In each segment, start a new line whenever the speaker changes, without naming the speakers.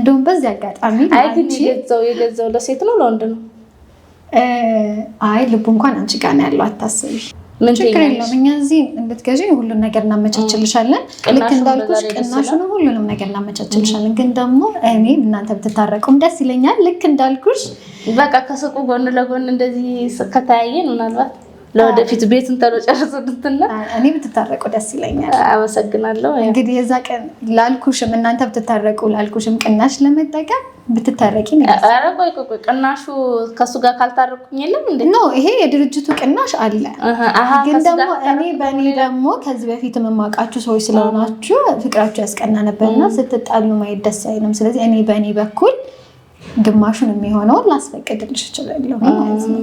እንደውም በዚህ አጋጣሚ
የገዛው ለሴት ነው ለወንድ ነው?
አይ ልቡ እንኳን አንቺ ጋር ነው ያለው፣ አታስቢ። ችግር የለውም እኛ እዚህ እንድትገዢ ሁሉን ነገር እናመቻችልሻለን። ልክ እንዳልኩሽ ነው፣ ሁሉንም ነገር እናመቻችልሻለን። ግን ደግሞ እኔ እናንተ ብትታረቁም ደስ ይለኛል። ልክ እንዳልኩሽ
በቃ ከሱቁ ጎን ለጎን እንደዚህ ከተያየን ምናልባት ለወደፊት ቤት እንተሎ ጨርስ እንትና
እኔ ብትታረቁ ደስ ይለኛል።
አመሰግናለሁ።
እንግዲህ የዛ ቀን ላልኩሽም እናንተ ብትታረቁ ላልኩሽም ቅናሽ ለመጠቀም ብትታረቂ
ቅናሹ ከእሱ ጋር ካልታረቁኝ የለም እንዴ?
ኖ ይሄ የድርጅቱ ቅናሽ አለ። ግን ደግሞ እኔ በእኔ ደግሞ ከዚህ በፊት የምማውቃችሁ ሰዎች ስለሆናችሁ ፍቅራችሁ ያስቀና ነበርና ስትጣሉ ማየት ደስ አይልም። ስለዚህ እኔ በእኔ በኩል ግማሹን የሚሆነውን ላስፈቅድልሽ እችላለሁ ማለት ነው።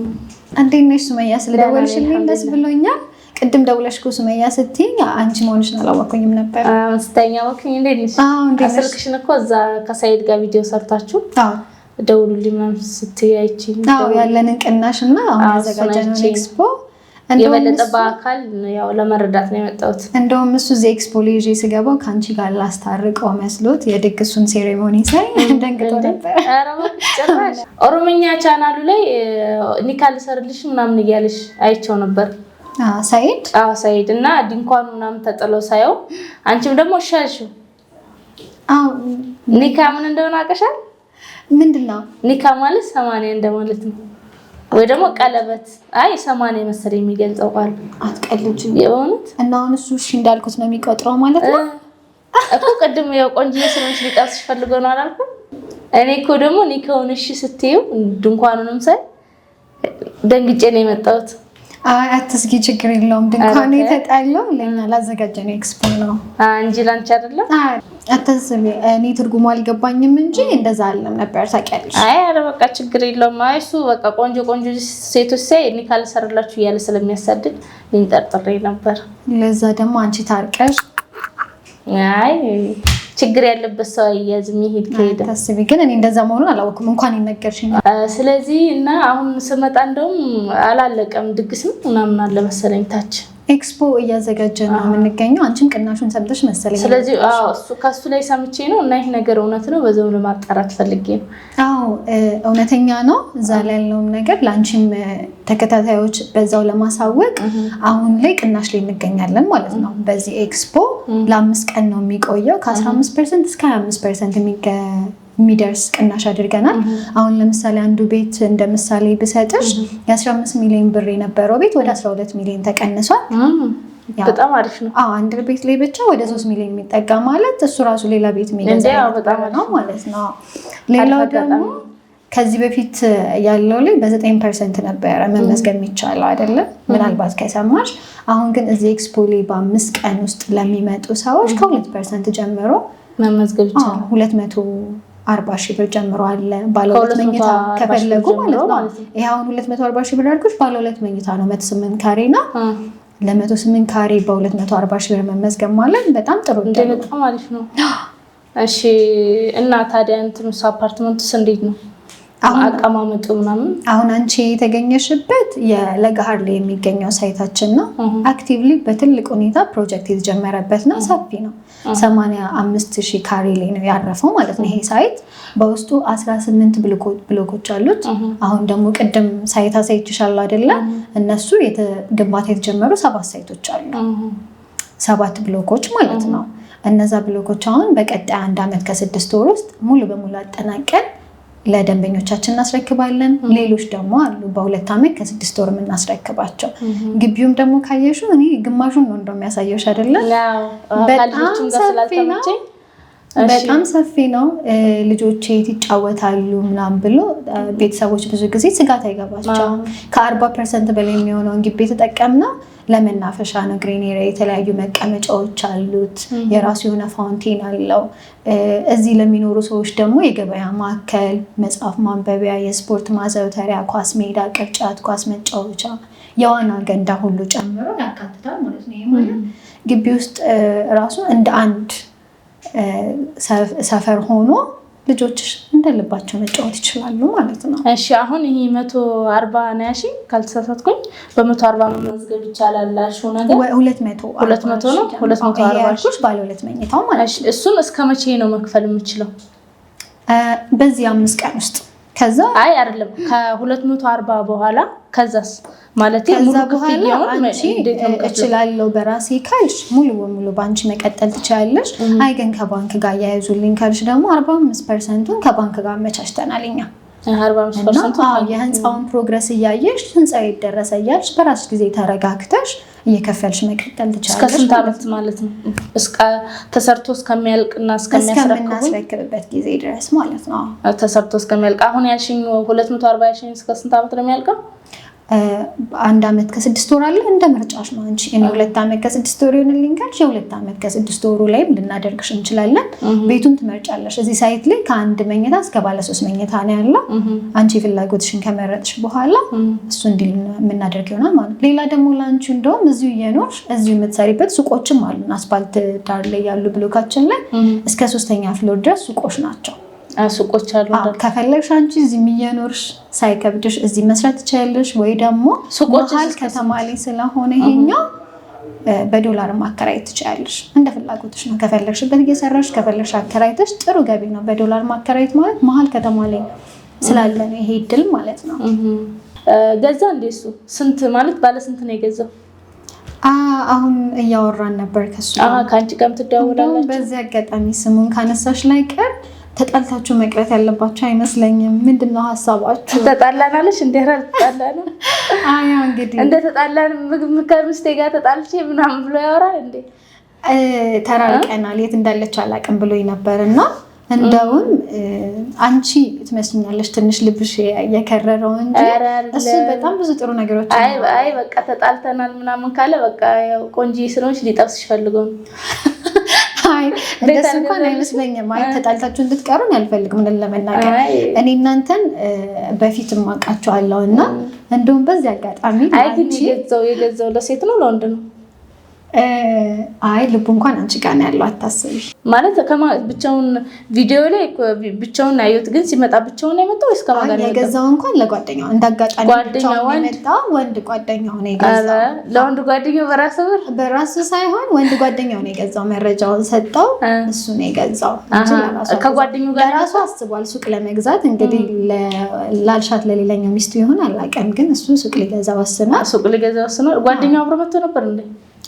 እንዴት ነሽ ሱመያ? ስለደወልሽልኝ ደስ ብሎኛል። ቅድም ደውለሽ እኮ ሱመያ ስትይኝ አንቺ መሆንሽን አላወኩኝም ነበር።
ስተኛ ወኩኝ። እንዴት ነሽ? ስልክሽን እኮ እዛ ከሳይድ ጋር ቪዲዮ ሰርታችሁ ደውሉልኝ ምናምን ስትያይችኝ
ያለንን ቅናሽ እና አሁን ያዘጋጃነውን ኤክስፖ
የበለጠ በአካል ያው ለመረዳት ነው የመጣሁት።
እንደውም እሱ እዚህ ኤክስፖ ይዤ ስገባ ከአንቺ ጋር ላስታርቀው መስሎት የድግሱን ሴሬሞኒ ሳይ ደንግጦ ነበር።
ጭራሽ ኦሮምኛ ቻናሉ ላይ ኒካ ልሰርልሽ ምናምን እያለሽ አይቸው ነበር ሳይድ ሳይድ እና ድንኳኑ ምናምን ተጥለው ሳየው አንቺም ደግሞ ሻልሽው ኒካ ምን እንደሆነ አውቀሻል? ምንድን ነው ኒካ ማለት ሰማንያ እንደማለት ነው። ወይ ደግሞ ቀለበት አይ ሰማን የመሰለ የሚገልጸው ቃል አትቀልጅ። የሆኑት
እና አሁን እሱ እሺ እንዳልኩት ነው የሚቆጥረው ማለት ነው
እኮ ቅድም ያው ቆንጆ ስሮች ሊቀርጽሽ ፈልጎ ነው አላልኩ እኔ እኮ ደግሞ ኒካውን እሺ ስትይው ድንኳኑንም ሳይ ደንግጬ ነው የመጣሁት።
አትስጊ፣ ችግር የለውም ድንኳኑ የተጣለው ለኛ ላዘጋጀ ነው ኤክስፖ ነው
እንጂ ላንቺ አይደለም።
አታስቢ፣ እኔ ትርጉሙ አልገባኝም እንጂ እንደዛ አለም ነበር። ታውቂያለሽ?
አይ ኧረ በቃ ችግር የለውም። አይ እሱ በቃ ቆንጆ ቆንጆ ሴቶች ሳይ እኔ ካልሰራላችሁ እያለ ስለሚያሳድድ ልንጠርጥሬ ነበር።
ለዛ ደግሞ አንቺ ታርቀሽ።
አይ ችግር ያለበት ሰው አያዝ የሚሄድ ከሄደ
ታስቢ። ግን እኔ እንደዛ መሆኑን አላወቅም እንኳን የነገርሽኝ።
ስለዚህ እና አሁን ስመጣ እንደውም አላለቀም ድግስም ምናምን አለ መሰለኝ ታች
ኤክስፖ እያዘጋጀ ነው የምንገኘው። አንቺን ቅናሹን ሰምተሽ መሰለኝ።
ስለዚህ ከሱ ላይ ሰምቼ ነው እና ይህ ነገር እውነት ነው በዛው ለማጣራት ፈልጌ ነው።
አዎ እውነተኛ ነው። እዛ ላይ ያለውም ነገር ለአንቺም ተከታታዮች በዛው ለማሳወቅ አሁን ላይ ቅናሽ ላይ እንገኛለን ማለት ነው። በዚህ ኤክስፖ ለአምስት ቀን ነው የሚቆየው ከ15 ፐርሰንት እስከ 25 ፐርሰንት የሚደርስ ቅናሽ አድርገናል። አሁን ለምሳሌ አንዱ ቤት እንደ ምሳሌ ብሰጥሽ የ15 ሚሊዮን ብር የነበረው ቤት ወደ 12 ሚሊዮን ተቀንሷል።
በጣም አሪፍ ነው።
አንድ ቤት ላይ ብቻ ወደ ሶስት ሚሊዮን የሚጠጋ ማለት እሱ ራሱ ሌላ ቤት
የሚገዛ ነው
ማለት ነው። ሌላው ደግሞ ከዚህ በፊት ያለው ላይ በዘጠኝ ፐርሰንት ነበረ መመዝገብ የሚቻለው አይደለም፣ ምናልባት ከሰማሽ። አሁን ግን እዚህ ኤክስፖ ላይ በአምስት ቀን ውስጥ ለሚመጡ ሰዎች ከሁለት ፐርሰንት ጀምሮ መመዝገብ ይቻላል ሁለት መቶ አርባ ሺህ ብር ጀምሮ አለ ባለ ሁለት መኝታ ከፈለጉ ማለት ነው። ይሄ አሁን ሁለት መቶ አርባ ሺህ ብር አድርጎች ባለ ሁለት መኝታ ነው መቶ ስምንት ካሬ ነው። ለመቶ ስምንት ካሬ በሁለት መቶ አርባ ሺህ ብር መመዝገብ ማለት በጣም ጥሩ
ነው። እሺ እና ታዲያ እንትኑስ አፓርትመንቱስ እንዴት ነው? አቀማመጡ ምናምን
አሁን አንቺ የተገኘሽበት የለገሃር ላይ የሚገኘው ሳይታችን ነው። አክቲቭሊ በትልቅ ሁኔታ ፕሮጀክት የተጀመረበት ነው። ሰፊ ነው። 85 ሺህ ካሬ ላይ ነው ያረፈው ማለት ነው። ይሄ ሳይት በውስጡ 18 ብሎኮች አሉት። አሁን ደግሞ ቅድም ሳይት አሳይችሻለሁ አይደለ? እነሱ ግንባታ የተጀመሩ ሰባት ሳይቶች አሉ። ሰባት ብሎኮች ማለት ነው። እነዛ ብሎኮች አሁን በቀጣይ አንድ አመት ከስድስት ወር ውስጥ ሙሉ በሙሉ አጠናቀን ለደንበኞቻችን እናስረክባለን። ሌሎች ደግሞ አሉ በሁለት ዓመት ከስድስት ወርም የምናስረክባቸው። ግቢውም ደግሞ ካየሹ እኔ ግማሹን ነው እንደሚያሳየሽ አይደለም። በጣም ሰፊ ነው በጣም ሰፊ ነው። ይጫወታሉ ምናምን ብሎ ቤተሰቦች ብዙ ጊዜ ስጋት አይገባቸውም። ከአርባ ፐርሰንት በላይ የሚሆነውን ግቢ የተጠቀምነው ለመናፈሻ ነው። ግሪን የተለያዩ መቀመጫዎች አሉት። የራሱ የሆነ ፋውንቴን አለው። እዚህ ለሚኖሩ ሰዎች ደግሞ የገበያ ማዕከል፣ መጽሐፍ ማንበቢያ፣ የስፖርት ማዘውተሪያ፣ ኳስ ሜዳ፣ ቅርጫት ኳስ መጫወቻ፣ የዋና ገንዳ ሁሉ ጨምሮ ያካትታል ማለት ነው። ግቢ ውስጥ ራሱ እንደ አንድ ሰፈር ሆኖ ልጆችሽ እንደልባቸው መጫወት ይችላሉ ማለት ነው።
እሺ አሁን ይሄ መቶ አርባ ነው ያልሽኝ ካልተሳሳትኩኝ፣ በመቶ አርባ መመዝገብ ይቻላል ያልሽው ነገር ሁለት መቶ ሁለት መቶ ነው። ሁለት መቶ አርባ
ያልኩሽ ባለ ሁለት መኝታው
ማለት ነው። እሱን እስከ መቼ ነው መክፈል የምችለው?
በዚህ አምስት ቀን ውስጥ ከዛ
አይ አይደለም ከሁለት መቶ አርባ በኋላ ከዛስ ማለት
ከዛ በኋላ እችላለሁ በራሴ ካልሽ ሙሉ በሙሉ በአንቺ መቀጠል ትችላለሽ። አይ ግን ከባንክ ጋር እያያዙልኝ ካልሽ ደግሞ አርባ አምስት ፐርሰንቱን ከባንክ ጋር አመቻችተናል እኛ
የህንፃውን
ፕሮግረስ እያየሽ ህንፃ ይደረሰ እያልሽ በራስ ጊዜ ተረጋግተሽ እየከፈልሽ መቀጠል ትችላለሽ። እስከ
ስንት ዓመት ማለት ነው? ተሰርቶ እስከሚያልቅና
እስከምናስረክብበት ጊዜ ድረስ ማለት ነው።
ተሰርቶ እስከሚያልቅ አሁን ያልሽኝ ሁለት መቶ አርባ ያልሽኝ እስከ ስንት ዓመት ነው የሚያልቀው?
አንድ ዓመት ከስድስት ወር አለ እንደ ምርጫሽ ነው እንጂ እኔ ሁለት ዓመት ከስድስት ወር ይሆንልኝ ካልሽ የሁለት ዓመት ከስድስት ወሩ ላይም ልናደርግሽ እንችላለን። ቤቱን ትመርጫለሽ። እዚህ ሳይት ላይ ከአንድ መኝታ እስከ ባለሶስት መኝታ ነው ያለው። አንቺ ፍላጎትሽን ከመረጥሽ በኋላ እሱ እንዲ የምናደርግ ይሆናል ማለት። ነው። ሌላ ደግሞ ለአንቺ እንደውም እዚሁ እየኖርሽ እዚሁ የምትሰሪበት ሱቆችም አሉን። አስፓልት ዳር ላይ ያሉ ብሎካችን ላይ እስከ ሶስተኛ ፍሎር ድረስ ሱቆች ናቸው። ሱቆች አሉ። ከፈለግሽ አንቺ እዚህ የሚየኖርሽ ሳይከብድሽ እዚህ መስራት ትችላለሽ። ወይ ደግሞ መሀል ከተማ ላይ ስለሆነ ይሄኛው በዶላር ማከራየት ትችላለሽ። እንደ ፍላጎትሽ ነው። ከፈለግሽበት እየሰራሽ ከፈለግሽ አከራይተሽ ጥሩ ገቢ ነው። በዶላር ማከራየት ማለት መሀል ከተማ ላይ ስላለ ነው ይሄ ድል ማለት ነው።
ገዛ እንደ እሱ ስንት ማለት ባለ ስንት ነው የገዛው?
አሁን እያወራን ነበር ከሱ
ከአንቺ ጋር የምትደዋወላላችሁ።
በዚህ አጋጣሚ ስሙን ካነሳሽ ላይ ቀር ተጣልታችሁ መቅረት ያለባችሁ አይመስለኝም። ምንድን ነው ሀሳባችሁ?
ተጣላናለች እንዲ ተጣላ ነው
እንግዲህ
እንደ ተጣላን ከምስቴ ጋር ተጣልቼ ምናምን ብሎ ያወራል እንዴ።
ተራርቀናል የት እንዳለች አላቅም ብሎ ነበር እና እንደውም አንቺ ትመስኛለሽ ትንሽ ልብሽ የከረረው እንጂ እሱ በጣም ብዙ ጥሩ ነገሮች።
አይ በቃ ተጣልተናል ምናምን ካለ በቃ ቆንጂ ስለሆንሽ ሊጠብስሽ ፈልጎ ነው
እንደሱ እንኳን አይመስለኝም። አይ ተጣልታችሁ እንድትቀሩን ምን ለመናገር እኔ እናንተን በፊት ማውቃችኋለሁ እና እንደውም በዚህ አጋጣሚ
የገዛው ለሴት ነው ለወንድ ነው
አይ ልቡ እንኳን አንቺ ጋር ነው ያለው፣ አታስቢ
ማለት ብቻውን ቪዲዮ ላይ ብቻውን አየሁት፣ ግን ሲመጣ ብቻውን የመጣው ወይስ ከማን ጋር
የገዛው? እንኳን ለጓደኛው እንዳጋጣሚ ወንድ ጓደኛው ነው የገዛው።
ለወንድ ጓደኛው በራሱ ብር
በራሱ ሳይሆን ወንድ ጓደኛው ነው የገዛው። መረጃውን ሰጠው፣ እሱ ነው የገዛው። ከጓደኛው ጋር ራሱ አስቧል ሱቅ ለመግዛት እንግዲህ፣ ላልሻት ለሌላኛው ሚስቱ ይሆን አላውቅም፣ ግን እሱ ሱቅ ሊገዛ ወስኗል።
ሱቅ ሊገዛ ወስኗል። ጓደኛው አብሮ መጥቶ ነበር እንዴ?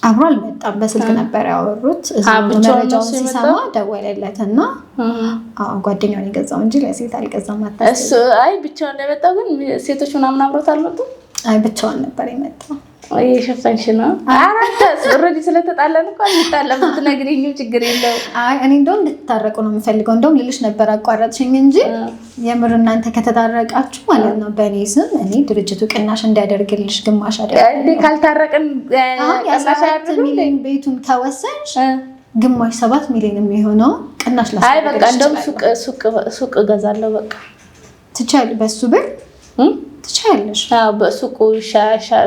አብሮ አልመጣም። በስልክ ነበር ያወሩት። መረጃውን ሲሰማ ደወለለት እና ጓደኛውን የገዛው እንጂ ለሴት አልገዛም።
አይ ብቻውን የመጣ ግን ሴቶች ምናምን አብሮት አልመጡም።
አይ ብቻዋን ነበር የመጣው።
የሸፈንሽ ነው ኦልሬዲ ስለተጣለን እኮ እንጣላም ብትነግሪኝም ችግር የለው።
አይ እኔ እንደውም እንድትታረቁ ነው የምፈልገው። እንደውም ልልሽ ነበር አቋረጥሽኝ እንጂ የምር እናንተ ከተታረቃችሁ ማለት ነው በእኔ ስም እኔ ድርጅቱ ቅናሽ እንዲያደርግልሽ ግማሽ
አደርግ። ካልታረቅን
ቅናሽ ሚሊዮን ቤቱን ከወሰንሽ ግማሽ ሰባት ሚሊዮን የሚሆነው ቅናሽ ላ
በቃ እንደውም ሱቅ እገዛለሁ በቃ
ትቻል በሱ ብር ትችያለሽ።
በሱቁ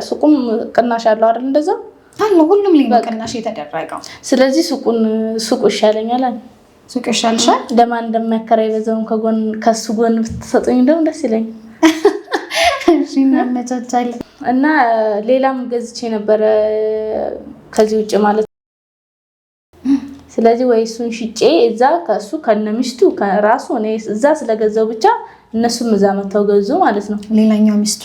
ሱቁም ቅናሽ ያለው አይደል? እንደዛ
አለ። ሁሉም ላይ ቅናሽ የተደረገው።
ስለዚህ ሱቁን ሱቁ ይሻለኛል
ሱቅ ይሻልሻል።
ለማን እንደሚያከራ በዛውን ከጎን ከሱ ጎን ብትሰጡኝ ደግሞ ደስ ይለኛል።
እናመቻቻለን።
እና ሌላም ገዝቼ ነበረ ከዚህ ውጭ ማለት ስለዚህ ወይ እሱን ሽጬ እዛ ከሱ ከነሚስቱ ከራሱ እኔ እዛ ስለገዛው ብቻ እነሱም እዛ መተው ገዙ ማለት ነው።
ሌላኛው ሚስቱ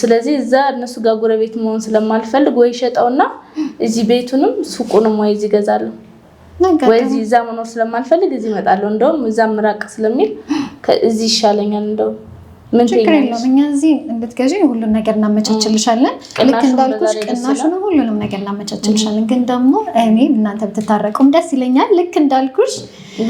ስለዚህ እዛ እነሱ ጋር ጎረቤት መሆን ስለማልፈልግ ወይ ሸጠውና እዚህ ቤቱንም ሱቁንም ወይ እዚህ እገዛለሁ ወይ እዚህ እዛ መኖር ስለማልፈልግ እዚህ እመጣለሁ። እንደውም እዛ ምራቅ ስለሚል እዚህ ይሻለኛል እንደውም
ችግር የለውም። እኛ እዚህ እንድትገዢ ሁሉን ነገር እናመቻችልሻለን። ልክ እንዳልኩሽ ቅናሹን ሁሉንም ነገር እናመቻችልሻለን። ግን ደግሞ እኔ እናንተ ብትታረቁም ደስ ይለኛል። ልክ እንዳልኩሽ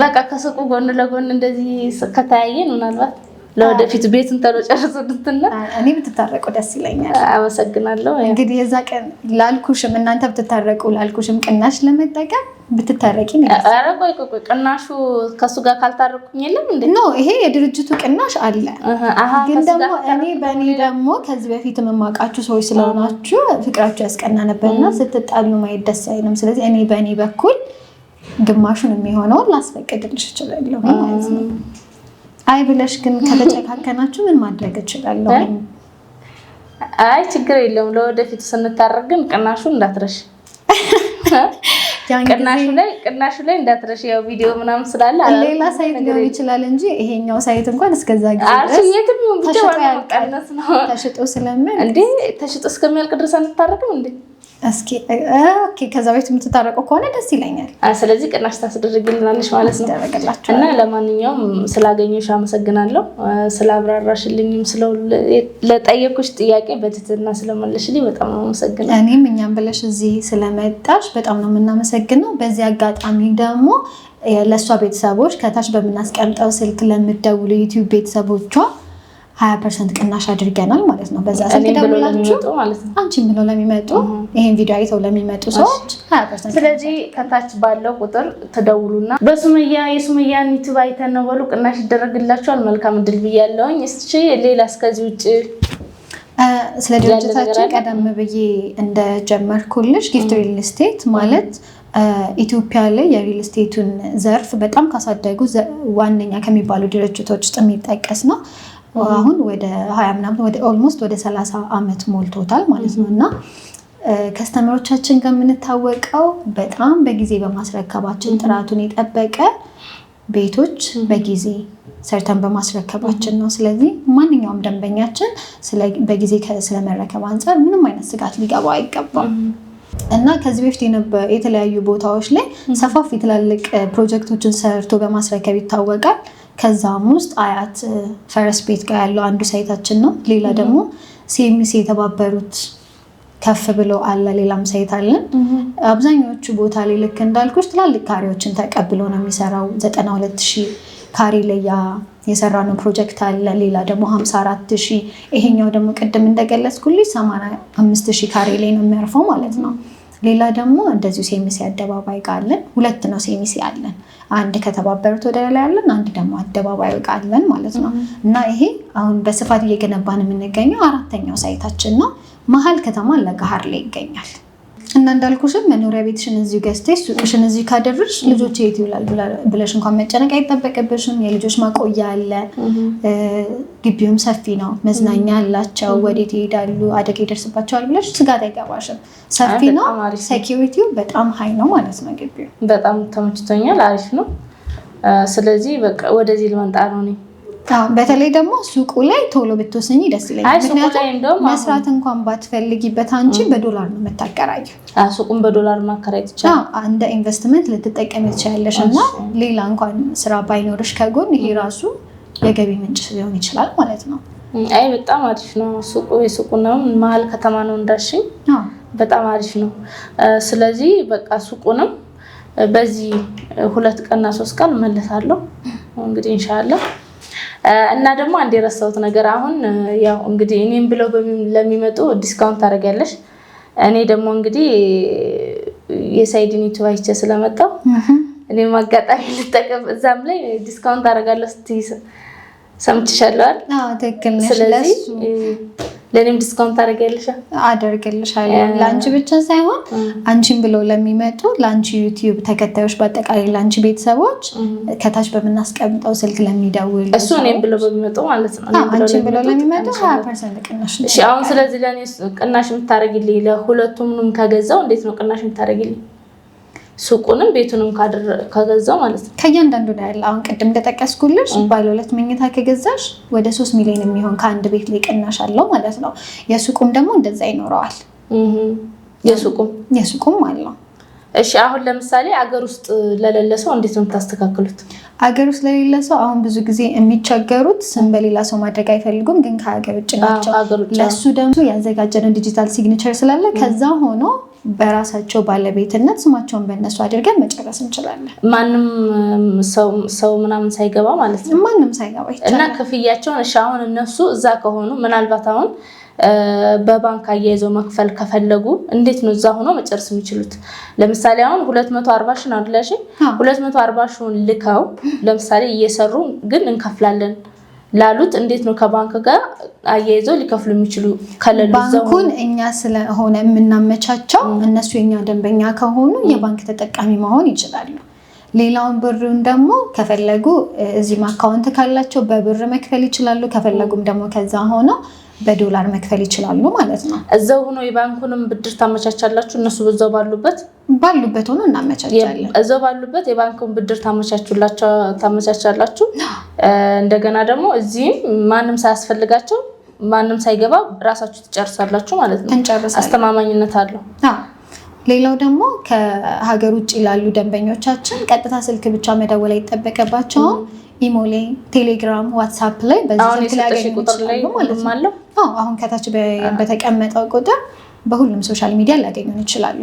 በቃ ከሱቁ ጎን ለጎን እንደዚህ ከተያየን ምናልባት ለወደፊት ቤት እንተሎ ጨርስ እንትና
እኔ ብትታረቁ ደስ ይለኛል።
አመሰግናለሁ።
እንግዲህ የዛ ቀን ላልኩሽም እናንተ ብትታረቁ ላልኩሽም ቅናሽ ለመጠቀም ብትታረቂ
ቅናሹ ከሱ ጋር ካልታረቁኝ የለም እንዴ?
ኖ ይሄ የድርጅቱ ቅናሽ አለ። ግን ደግሞ እኔ በእኔ ደግሞ ከዚህ በፊት የምማውቃችሁ ሰዎች ስለሆናችሁ ፍቅራችሁ ያስቀና ነበርና ስትጣሉ ማየት ደስ አይልም። ስለዚህ እኔ በእኔ በኩል ግማሹን የሚሆነውን ላስፈቅድልሽ እችላለሁ ማለት ነው። አይ ብለሽ ግን ከተጨካከናችሁ ምን ማድረግ እችላለሁ?
አይ ችግር የለውም ለወደፊት ስንታረቅ ግን ቅናሹ እንዳትረሽ ቅናሹ ላይ ቅናሹ ላይ እንዳትረሽ። ያው ቪዲዮ ምናምን ስላለ
ሌላ ሳይት ሊሆን ይችላል እንጂ ይሄኛው ሳይት እንኳን እስከዛ ጊዜ ተሽጦ
እንዴ ተሽጦ እስከሚያልቅ ድረስ አንታረቅም እንዴ
ከዛ ቤት የምትታረቀው ከሆነ ደስ ይለኛል።
ስለዚህ ቅናሽ ታስደርግልናለች ማለት ነው እና ለማንኛውም ስላገኘሽ አመሰግናለሁ። ስላብራራሽልኝም ስለለጠየኩሽ ጥያቄ በትህትና ስለመለሽልኝ በጣም ነው አመሰግናለሁ።
እኔም እኛም ብለሽ እዚህ ስለመጣሽ በጣም ነው የምናመሰግነው። በዚህ አጋጣሚ ደግሞ ለእሷ ቤተሰቦች ከታች በምናስቀምጠው ስልክ ለምደውሉ ዩቲዩብ ቤተሰቦቿ ሀያ ፐርሰንት ቅናሽ አድርገናል ማለት ነው። በዛ ስልክ ደውላችሁ አንቺን ብለው ለሚመጡ ይሄን ቪዲዮ አይተው ለሚመጡ ሰዎች
ስለዚህ ከታች ባለው ቁጥር ተደውሉና በሱመያ የሱመያን ዩቲዩብ አይተን ነው በሉ ቅናሽ ይደረግላችኋል። መልካም እድል ብያለውኝ። እስቺ ሌላ እስከዚህ ውጭ
ስለ ድርጅታችን ቀደም ብዬ እንደጀመርኩልሽ ጊፍት ሪል ስቴት ማለት ኢትዮጵያ ላይ የሪል ስቴቱን ዘርፍ በጣም ካሳደጉ ዋነኛ ከሚባሉ ድርጅቶች ውስጥ የሚጠቀስ ነው። አሁን ወደ ሀያ ምናምን ወደ ኦልሞስት ወደ ሰላሳ ዓመት ሞልቶታል ማለት ነው እና ከስተመሮቻችን ጋር የምንታወቀው በጣም በጊዜ በማስረከባችን ጥራቱን የጠበቀ ቤቶች በጊዜ ሰርተን በማስረከባችን ነው። ስለዚህ ማንኛውም ደንበኛችን በጊዜ ስለመረከብ አንጻር ምንም አይነት ስጋት ሊገባው አይገባም እና ከዚህ በፊት የተለያዩ ቦታዎች ላይ ሰፋፊ ትላልቅ ፕሮጀክቶችን ሰርቶ በማስረከብ ይታወቃል። ከዛም ውስጥ አያት ፈረስ ቤት ጋር ያለው አንዱ ሳይታችን ነው። ሌላ ደግሞ ሲኤምሲ የተባበሩት ከፍ ብሎ አለ። ሌላም ሳይት አለን። አብዛኛዎቹ ቦታ ላይ ልክ እንዳልኩሽ ትላልቅ ካሬዎችን ተቀብሎ ነው የሚሰራው። ሁለት ሺህ ካሬ ላይ የሰራ ነው ፕሮጀክት አለ። ሌላ ደግሞ አራት ሺህ ይሄኛው ደግሞ ቅድም እንደገለጽኩልሽ አምስት ሺህ ካሬ ላይ ነው የሚያርፈው ማለት ነው። ሌላ ደግሞ እንደዚሁ ሴሚሲ አደባባይ ጋር አለን። ሁለት ነው ሴሚሲ አለን። አንድ ከተባበሩት ወደ ላይ አለን፣ አንድ ደግሞ አደባባይ ጋር አለን ማለት ነው። እና ይሄ አሁን በስፋት እየገነባን የምንገኘው አራተኛው ሳይታችን ነው። መሀል ከተማ ለገሃር ላይ ይገኛል። እና እንዳልኩሽም መኖሪያ ቤትሽን እዚሁ ገዝተሽ ሱቅሽን እዚሁ ካደረግሽ ልጆች የት ይውላል ብለሽ እንኳን መጨነቅ አይጠበቅብሽም። የልጆች ማቆያ አለ፣ ግቢውም ሰፊ ነው፣ መዝናኛ አላቸው። ወዴት ይሄዳሉ፣ አደጋ ይደርስባቸዋል ብለሽ ስጋት አይገባሽም። ሰፊ ነው፣ ሴኪሪቲው በጣም ሀይ ነው ማለት ነው። ግቢው
በጣም ተመችቶኛል፣ አሪፍ ነው። ስለዚህ በቃ ወደዚህ ልመንጣ ነው እኔ
በተለይ ደግሞ ሱቁ ላይ ቶሎ ብትወስኝ ደስ ይለኛል። መስራት እንኳን ባትፈልጊበት አንቺ በዶላር ነው የምታከራየው።
ሱቁን በዶላር ማከራየት
ይቻላል። እንደ ኢንቨስትመንት ልትጠቀም ትችላለሽ እና ሌላ እንኳን ስራ ባይኖርሽ ከጎን ይሄ ራሱ የገቢ ምንጭ ሊሆን ይችላል ማለት ነው።
አይ በጣም አሪፍ ነው። ሱቁ የሱቁ ነው፣ መሀል ከተማ ነው እንዳልሽኝ፣ በጣም አሪፍ ነው። ስለዚህ በቃ ሱቁንም በዚህ ሁለት ቀንና ሶስት ቀን መለሳለሁ እንግዲህ ኢንሻላህ እና ደግሞ አንድ የረሳሁት ነገር አሁን ያው እንግዲህ እኔም ብለው ለሚመጡ ዲስካውንት ታደርጊያለሽ። እኔ ደግሞ እንግዲህ የሳይድን ዩቱብ አይቼ ስለመጣሁ እኔም አጋጣሚ ልጠቀም እዛም ላይ ዲስካውንት አደርጋለሁ ስትይ ሰምተሻል። ስለዚህ ለእኔም ዲስካውንት ታደርጊያለሽ
አደርግልሻለሁ። ለአንቺ ብቻ ሳይሆን አንቺን ብለው ለሚመጡ ለአንቺ ዩቲዩብ ተከታዮች፣ በአጠቃላይ ለአንቺ ቤተሰቦች ከታች በምናስቀምጠው ስልክ ለሚደውል
እሱ እኔም ብለው በሚመጡ ማለት ነው
አንቺን ብለው ለሚመጡ ሀያ ፐርሰንት ቅናሽ።
አሁን ስለዚህ ለእኔ ቅናሽ የምታደርጊልኝ ለሁለቱም ከገዛው እንዴት ነው ቅናሽ የምታደርጊልኝ? ሱቁንም ቤቱንም ከገዛው ማለት ነው።
ከእያንዳንዱ ላይ ያለ አሁን ቅድም እንደጠቀስኩልሽ ባለ ሁለት መኝታ ከገዛሽ ወደ ሶስት ሚሊዮን የሚሆን ከአንድ ቤት ላይ ቅናሽ አለው ማለት ነው። የሱቁም ደግሞ እንደዛ ይኖረዋል። የሱቁም የሱቁም አለው
እሺ አሁን ለምሳሌ አገር ውስጥ ለሌለ ሰው እንዴት ነው የምታስተካክሉት?
አገር ውስጥ ለሌለ ሰው አሁን ብዙ ጊዜ የሚቸገሩት ስም በሌላ ሰው ማድረግ አይፈልጉም፣ ግን ከሀገር ውጭ ናቸው። ለሱ ደግሞ ያዘጋጀነው ዲጂታል ሲግኒቸር ስላለ ከዛ ሆኖ በራሳቸው ባለቤትነት ስማቸውን በእነሱ አድርገን መጨረስ እንችላለን።
ማንም ሰው ምናምን ሳይገባ ማለት
ነው። ማንም ሳይገባ
እና ክፍያቸውን እሺ አሁን እነሱ እዛ ከሆኑ ምናልባት አሁን በባንክ አያይዘው መክፈል ከፈለጉ እንዴት ነው እዛ ሆኖ መጨረስ የሚችሉት? ለምሳሌ አሁን ሁለት መቶ አርባ ሺን አድላሽ ሁለት መቶ አርባ ሺውን ልከው ለምሳሌ እየሰሩ ግን እንከፍላለን ላሉት እንዴት ነው ከባንክ ጋር አያይዘው ሊከፍሉ የሚችሉ?
ከሌሉ ባንኩን እኛ ስለሆነ የምናመቻቸው እነሱ የኛ ደንበኛ ከሆኑ የባንክ ተጠቃሚ መሆን ይችላሉ። ሌላውን ብሩን ደግሞ ከፈለጉ እዚህም አካውንት ካላቸው በብር መክፈል ይችላሉ። ከፈለጉም ደግሞ ከዛ ሆነው በዶላር መክፈል ይችላሉ ማለት ነው።
እዛው ሆኖ የባንኩንም ብድር ታመቻቻላችሁ። እነሱ በዛው ባሉበት
ባሉበት ሆኖ እናመቻቻለን።
እዛው ባሉበት የባንኩን ብድር ታመቻቻላችሁ። እንደገና ደግሞ እዚህም ማንም ሳያስፈልጋቸው ማንም ሳይገባ ራሳችሁ ትጨርሳላችሁ ማለት ነው። አስተማማኝነት አለው።
ሌላው ደግሞ ከሀገር ውጭ ላሉ ደንበኞቻችን ቀጥታ ስልክ ብቻ መደወል አይጠበቅባቸውም። ኢሞሌ፣ ቴሌግራም፣ ዋትሳፕ ላይ በዚህ አሁን ከታች በተቀመጠው ቁጥር በሁሉም ሶሻል ሚዲያ ላገኙን ይችላሉ።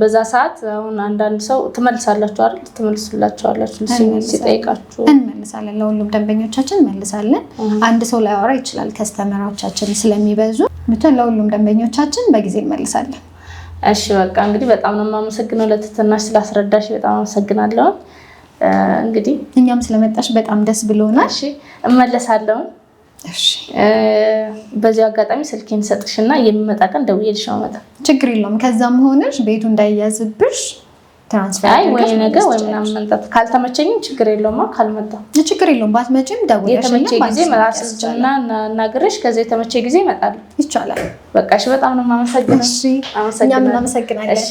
በዛ ሰዓት አሁን አንዳንድ ሰው ትመልሳላችሁ አይደል? ትመልሱላቸዋላችሁ ሲጠይቃችሁ?
እንመልሳለን። ለሁሉም ደንበኞቻችን እንመልሳለን። አንድ ሰው ላያወራ ይችላል። ከስተመራዎቻችን ስለሚበዙ ምትን ለሁሉም ደንበኞቻችን በጊዜ እንመልሳለን።
እሺ፣ በቃ እንግዲህ በጣም ነው የማመሰግነው። ለትትናሽ ስላስረዳሽ በጣም አመሰግናለሁ። እንግዲህ
እኛም ስለመጣሽ በጣም ደስ ብሎናል።
እመለሳለሁ። በዚሁ አጋጣሚ ስልኬን እና የሚመጣ ቀን ደውዬልሽ መጣ
ችግር የለውም። ከዛም ሆነሽ ቤቱ እንዳያዝብሽ ትራንስፈር
ወይ ነገ ወይ ምናምን መምጣት ካልተመቸኝም ችግር የለውም። ካልመጣ
ችግር የለውም። ባትመጪም
ደውለሽ የተመቸ ጊዜ መራስና እናግርሽ። ከዚ የተመቸ ጊዜ ይመጣል። ይቻላል። በቃ እሺ። በጣም ነው የማመሰግነው። እኛም
እናመሰግናለን።